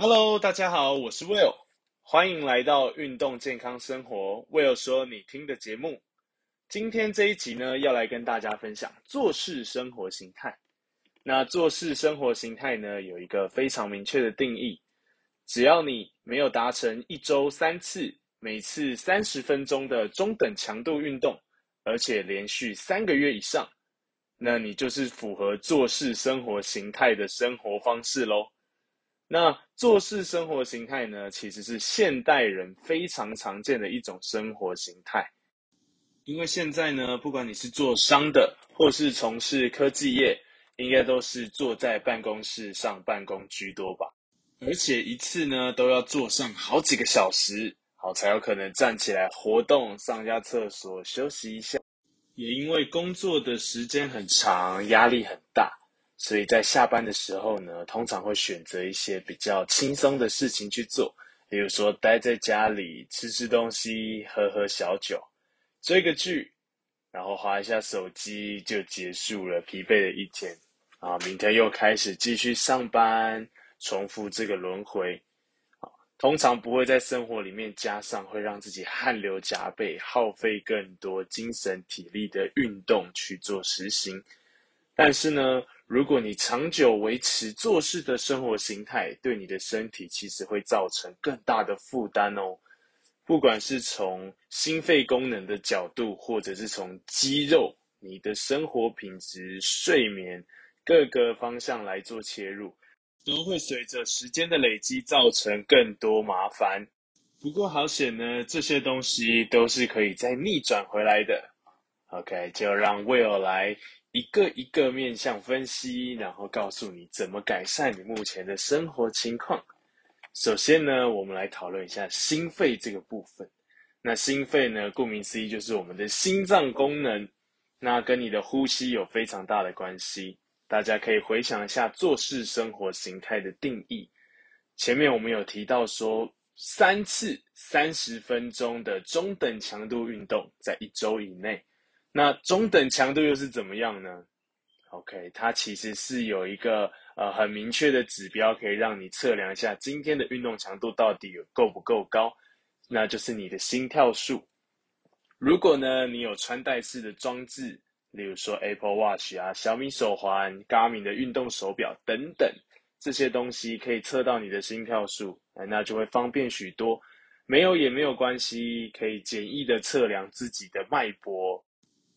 Hello，大家好，我是 Will，歡迎來到運動健康生活 Will 說你聽的節目。今天這一集呢，要來跟大家分享坐式生活型態。那坐式生活型態呢，有一個非常明確的定義：只要你沒有達成一周三次、每次三十分鐘的中等強度運動，而且連續三個月以上，那你就是符合坐式生活型態的生活方式嘍。那坐式生活型態呢，其實是現代人非常常見的一種生活型態。因為現在呢，不管你是做商的，或是從事科技業，應該都是坐在辦公室上辦公居多吧。而且一次呢，都要坐上好幾個小時，好才有可能站起來活動、上下廁所、休息一下。也因為工作的時間很長，壓力很大。所以在下班的時候呢，通常會選擇一些比較輕鬆的事情去做，比如說待在家裡吃吃東西、喝喝小酒、追個劇，然後滑一下手機就結束了疲憊的一天，啊，明天又開始繼續上班，重複這個輪回。啊，通常不會在生活裡面加上會讓自己汗流浹背、耗費更多精神體力的運動去做實行，但是呢。如果你長久維持坐式的生活型態，對你的身體其實會造成更大的負擔哦。不管是從心肺功能的角度，或者是從肌肉、你的生活品質、睡眠各個方向來做切入，都會隨着時間的累積造成更多麻煩。不過好險呢，這些東西都是可以再逆轉回來的。OK，就讓 Will 來。一個一個面向分析，然後告訴你怎麼改善你目前的生活情況。首先呢，我們來討論一下心肺這個部分。那心肺呢，顧名思義就是我們的心臟功能，那跟你的呼吸有非常大的關係。大家可以回想一下坐式生活型態的定義。前面我們有提到說，三次三十分鐘的中等強度運動，在一周以內。那中等強度又是怎麼樣呢？OK，它其實是有一個呃很明確的指標，可以讓你測量一下今天的運動強度到底有夠不夠高，那就是你的心跳數。如果呢，你有穿戴式的裝置，例如說 Apple Watch 啊、小米手環、Garmin 的運動手錶等等，這些東西可以測到你的心跳數，那就會方便許多。沒有也沒有關係，可以簡易的測量自己的脈搏。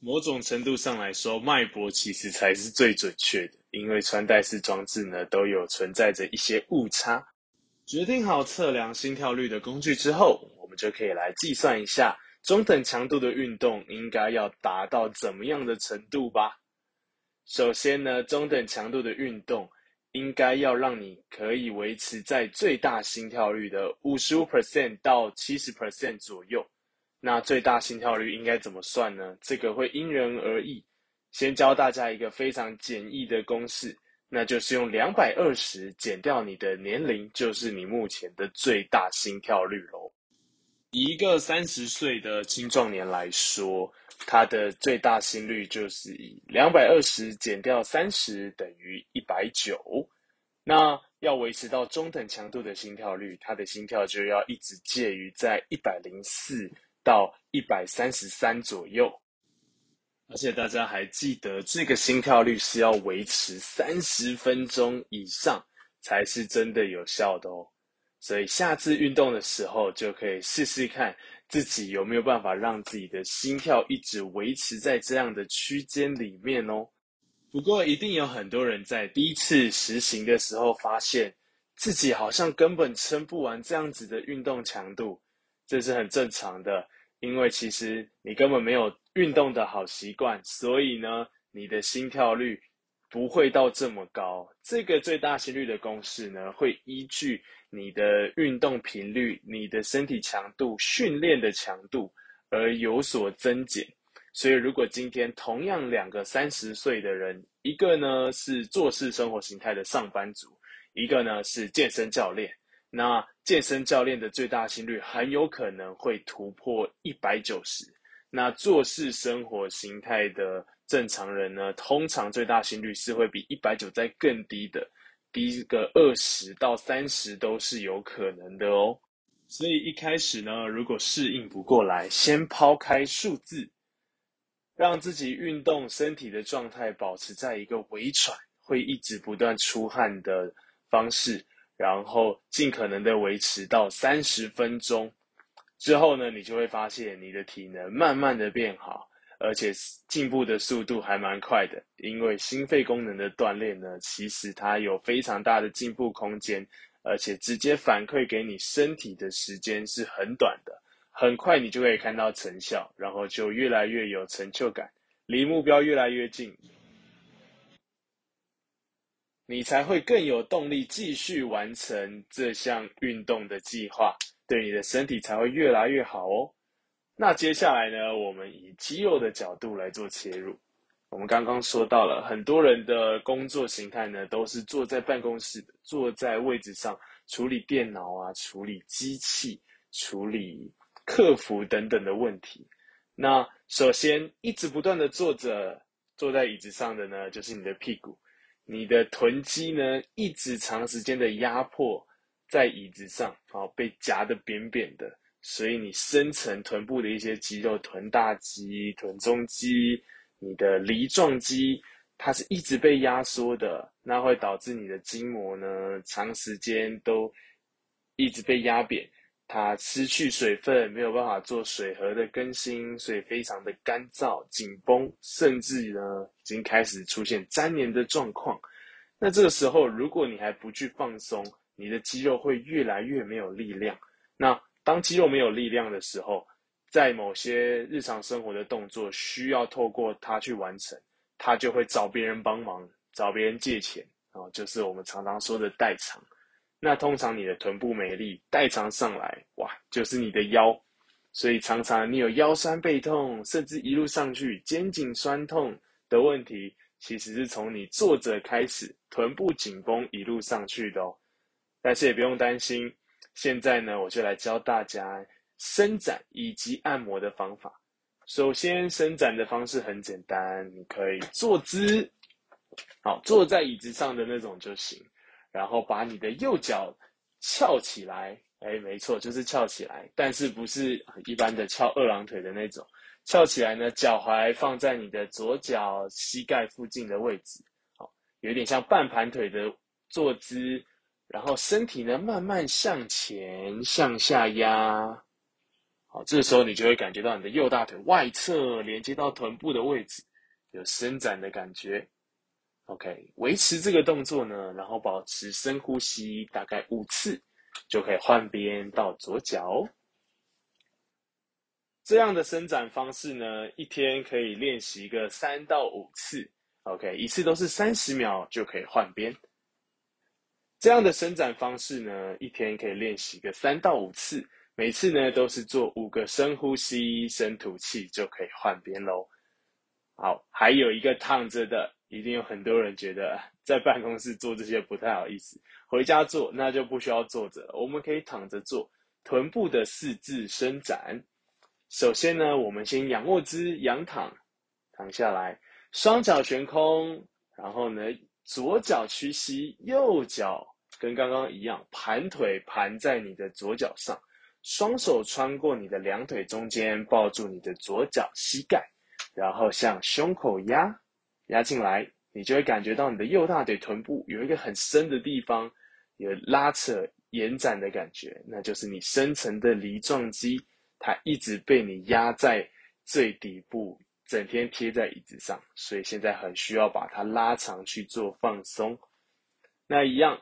某種程度上來說，脈搏其實才是最準確的，因為穿戴式裝置呢都有存在着一些誤差。決定好測量心跳率的工具之後，我們就可以來計算一下中等強度的運動應該要達到怎麼樣的程度吧。首先呢，中等強度的運動應該要讓你可以維持在最大心跳率的五十五 percent 到七十 percent 左右。那最大心跳率應該怎麼算呢？這個會因人而異。先教大家一個非常簡易的公式，那就是用兩百二十減掉你的年齡，就是你目前的最大心跳率嘍、哦。以一個三十歲的青壯年來說，他的最大心率就是以兩百二十減掉三十等於一百九。那要維持到中等強度的心跳率，他的心跳就要一直介於在一百零四，到一百三十三左右，而且大家還記得，這個心跳率是要維持三十分鐘以上，才是真的有效的哦。所以下次運動的時候，就可以試試看自己有沒有辦法讓自己的心跳一直維持在這樣的區間裡面哦。不過，一定有很多人在第一次實行的時候，發現自己好像根本撐不完這樣子的運動強度。這是很正常的，因為其實你根本沒有運動的好習慣，所以呢，你的心跳率不會到這麼高。這個最大心率的公式呢，會依據你的運動頻率、你的身體強度、訓練的強度而有所增減。所以，如果今天同樣兩個三十歲的人，一個呢是坐式生活型態的上班族，一個呢是健身教練。那健身教練的最大心率很有可能會突破一百九十。那坐式生活型態的正常人呢，通常最大心率是會比一百九再更低的，低個二十到三十都是有可能的哦。所以一開始呢，如果適應不過來，先拋開數字，讓自己運動身體的狀態保持在一個微喘、會一直不斷出汗的方式。然後盡可能的維持到三十分鐘之後呢，你就會發現你的體能慢慢的變好，而且進步的速度還蠻快的。因為心肺功能的鍛鍊呢，其實它有非常大的進步空間，而且直接反饋給你身體的時間是很短的，很快你就可以看到成效，然後就越來越有成就感，離目標越來越近。你才會更有動力繼續完成這項運動的計劃，對你的身體才會越來越好哦。那接下來呢？我們以肌肉的角度來做切入。我們剛剛說到了，很多人的工作形態呢，都是坐在辦公室的，坐在位置上處理電腦啊，處理機器，處理客服等等的問題。那首先，一直不斷的坐着，坐在椅子上的呢，就是你的屁股。你的臀肌呢，一直長時間的壓迫在椅子上，然後被夾得扁扁的，所以你深層臀部的一些肌肉，臀大肌、臀中肌、你的梨狀肌，它是一直被壓縮的，那會導致你的筋膜呢，長時間都一直被壓扁。它失去水分，沒有辦法做水合的更新，所以非常的乾燥、緊繃，甚至呢已經開始出現粘連的狀況。那這個時候，如果你還不去放鬆，你的肌肉會越來越沒有力量。那當肌肉沒有力量的時候，在某些日常生活的動作需要透過它去完成，它就會找別人幫忙，找別人借錢，啊、哦，就是我們常常說的代償。那通常你的臀部無力代償上來，哇，就是你的腰，所以常常你有腰痠背痛，甚至一路上去肩頸痠痛的問題，其實是從你坐着開始，臀部緊繃一路上去的哦。但是也不用擔心，現在呢，我就來教大家伸展以及按摩的方法。首先，伸展的方式很簡單，你可以坐姿，好，坐在椅子上的那種就行。然後把你的右腳翹起來，哎，沒錯，就是翹起來，但是不是很一般的翹二郎腿的那種，翹起來呢，腳踝放在你的左腳膝蓋附近的位置，好，有點像半盤腿的坐姿，然後身體呢慢慢向前向下壓，好，這時候你就會感覺到你的右大腿外側連接到臀部的位置有伸展的感覺。OK，維持這個動作呢，然後保持深呼吸大概五次，就可以換邊到左腳。這樣的伸展方式呢，一天可以練習個三到五次。OK，一次都是三十秒就可以換邊。這樣的伸展方式呢，一天可以練習個三到五次，每次呢都是做五個深呼吸，深吐氣就可以換邊嘍。好，還有一個躺着的。一定有很多人覺得在辦公室做這些不太好意思，回家做那就不需要坐着，我們可以躺着做臀部的四字伸展。首先呢，我們先仰臥姿仰躺，躺下來，雙腳懸空，然後呢，左腳屈膝，右腳跟剛剛一樣盤腿盤在你的左腳上，雙手穿過你的兩腿中間，抱住你的左腳膝蓋，然後向胸口壓。壓進來，你就會感覺到你的右大腿臀部有一個很深的地方有拉扯延展的感覺，那就是你深層的梨狀肌，它一直被你壓在最底部，整天貼在椅子上，所以現在很需要把它拉長去做放鬆。那一樣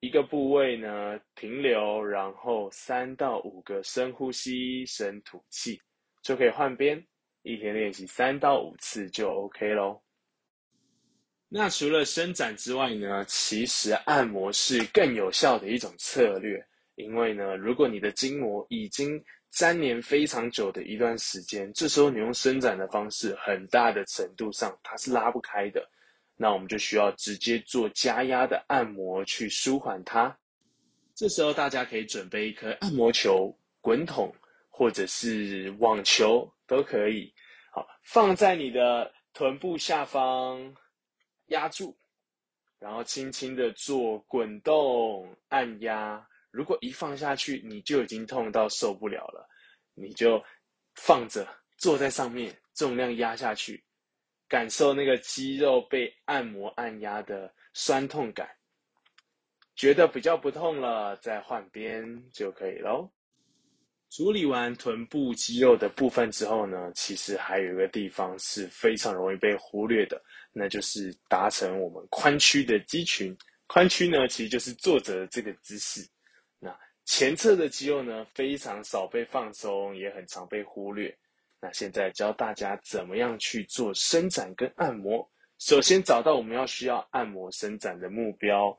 一個部位呢，停留，然後三到五個深呼吸，深吐氣，就可以換邊。一天練習三到五次就 OK 咯。那除了伸展之外呢，其實按摩是更有效的一種策略，因為呢，如果你的筋膜已經粘連非常久的一段時間，這時候你用伸展的方式，很大的程度上它是拉不開的。那我們就需要直接做加壓的按摩去舒緩它。這時候大家可以準備一顆按摩球、滾筒或者是網球都可以，好，放在你的臀部下方。壓住，然後輕輕的做滾動按壓。如果一放下去你就已經痛到受不了了，你就放着坐在上面，重量壓下去，感受那個肌肉被按摩按壓的酸痛感，覺得比較不痛了，再換邊就可以咯。處理完臀部肌肉的部分之後呢，其實還有一個地方是非常容易被忽略的，那就是達成我們髖屈的肌群。髖屈呢，其實就是坐着的這個姿勢。那前側的肌肉呢，非常少被放鬆，也很常被忽略。那現在教大家怎麼樣去做伸展跟按摩。首先找到我們要需要按摩伸展的目標。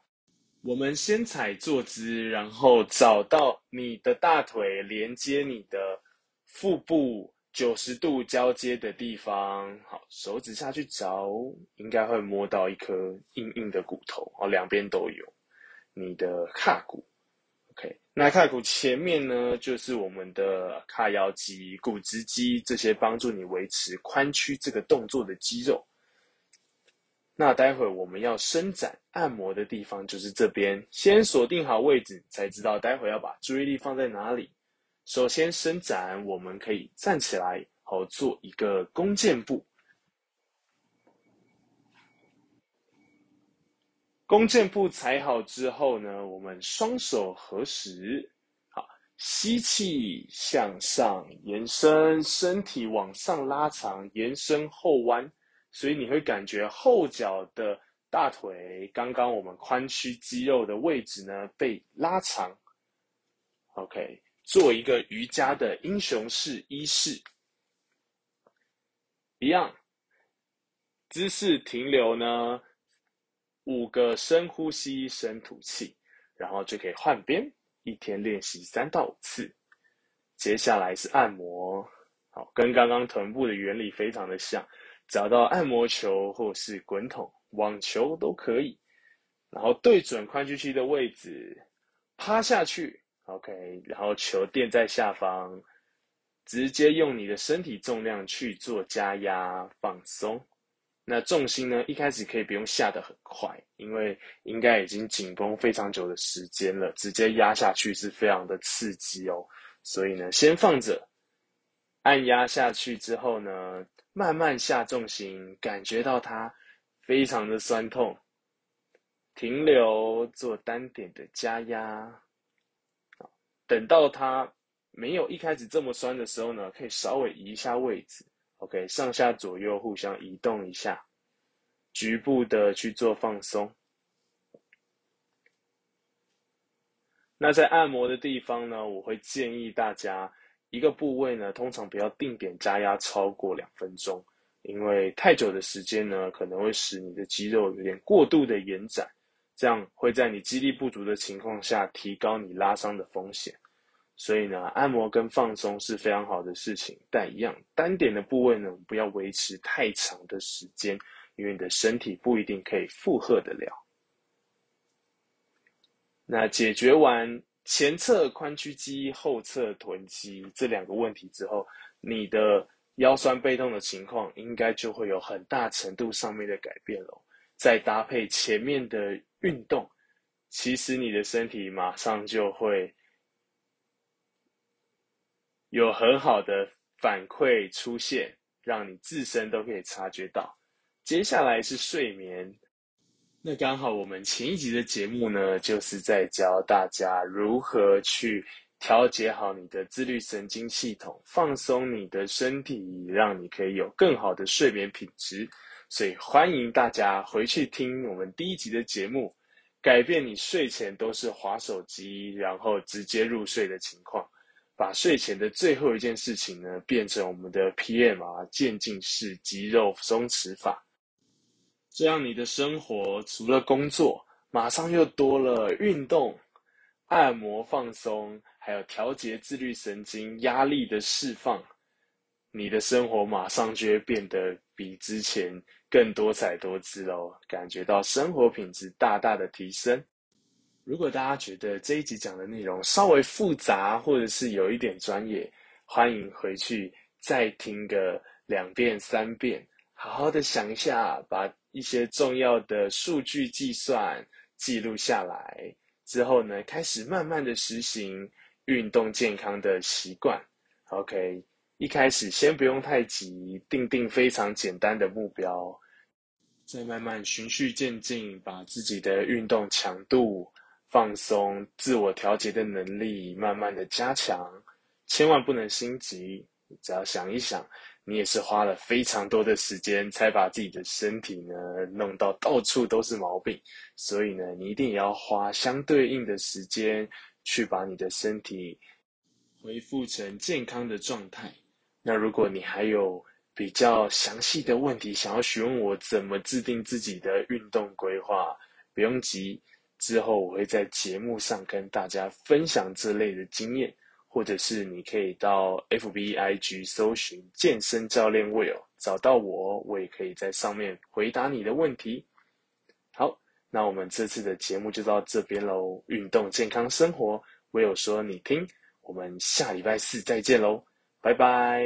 我們先踩坐姿，然後找到你的大腿連接你的腹部九十度交接的地方。好，手指下去找，應該會摸到一顆硬硬的骨頭。哦，兩邊都有，你的胯骨。OK，那胯骨前面呢，就是我們的髂腰肌、股直肌這些幫助你維持髖屈這個動作的肌肉。那待會我們要伸展按摩的地方就是這邊，先鎖定好位置，才知道待會要把注意力放在哪裡。首先伸展，我們可以站起來，好，做一個弓箭步。弓箭步踩好之後呢，我們雙手合十，好，吸氣向上延伸，身體往上拉長，延伸後彎。所以你會感覺後腳的大腿，剛剛我們髖屈肌肉的位置呢被拉長。OK，做一個瑜伽的英雄式一式，一樣，姿勢停留呢五個深呼吸，深吐氣，然後就可以換邊。一天練習三到五次。接下來是按摩，好，跟剛剛臀部的原理非常的像。找到按摩球或是滾筒、網球都可以，然後對準髖屈肌的位置，趴下去，OK，然後球墊在下方，直接用你的身體重量去做加壓放鬆。那重心呢，一開始可以不用下得很快，因為應該已經緊繃非常久的時間了，直接壓下去是非常的刺激哦，所以呢，先放着。按壓下去之後呢，慢慢下重心，感覺到它非常的痠痛，停留做單點的加壓，啊，等到它沒有一開始這麼酸的時候呢，可以稍微移一下位置，OK，上下左右互相移動一下，局部的去做放鬆。那在按摩的地方呢，我會建議大家。一個部位呢，通常不要定點加壓超過兩分鐘，因為太久的時間呢，可能會使你的肌肉有點過度的延展，這樣會在你肌力不足的情況下，提高你拉傷的風險。所以呢，按摩跟放鬆是非常好的事情，但一樣單點的部位呢，不要維持太長的時間，因為你的身體不一定可以負荷得了。那解決完。前側髖屈肌，後側臀肌這兩個問題之後，你的腰酸背痛的情況應該就會有很大程度上面的改變了。再搭配前面的運動，其實你的身體馬上就會有很好的反饋出現，讓你自身都可以察覺到。接下來是睡眠。那剛好，我們前一集的節目呢，就是在教大家如何去調節好你的自律神經系統，放鬆你的身體，讓你可以有更好的睡眠品質。所以歡迎大家回去聽我們第一集的節目，改變你睡前都是滑手機，然後直接入睡的情況，把睡前的最後一件事情呢，變成我們的 PMR，漸進式肌肉鬆弛法。這樣你的生活除了工作，馬上又多了運動、按摩、放鬆，還有調節自律神經、壓力的釋放。你的生活馬上就會變得比之前更多彩多姿嘍、哦，感覺到生活品質大大的提升。如果大家覺得這一集講的內容稍微複雜，或者是有一點專業，歡迎回去再聽個兩遍、三遍，好好的想一下，把。一些重要的數據計算記錄下來之後呢，開始慢慢的實行運動健康的習慣。OK，一開始先不用太急，訂定非常簡單的目標，再慢慢循序漸進，把自己的運動強度、放鬆、自我調節的能力慢慢的加強，千萬不能心急，只要想一想。你也是花了非常多的時間，才把自己的身體呢弄到到處都是毛病，所以呢，你一定也要花相對應的時間，去把你的身體恢復成健康的狀態。那如果你還有比較詳細的問題，想要詢問我怎麼制定自己的運動規劃，不用急，之後我會在節目上跟大家分享這類的經驗。或者是你可以到 FB、IG 搜尋健身教練 Will，找到我，我也可以在上面回答你的問題。好，那我們這次的節目就到這邊嘍。運動健康生活，Will 說你聽，我們下禮拜四再見嘍，拜拜。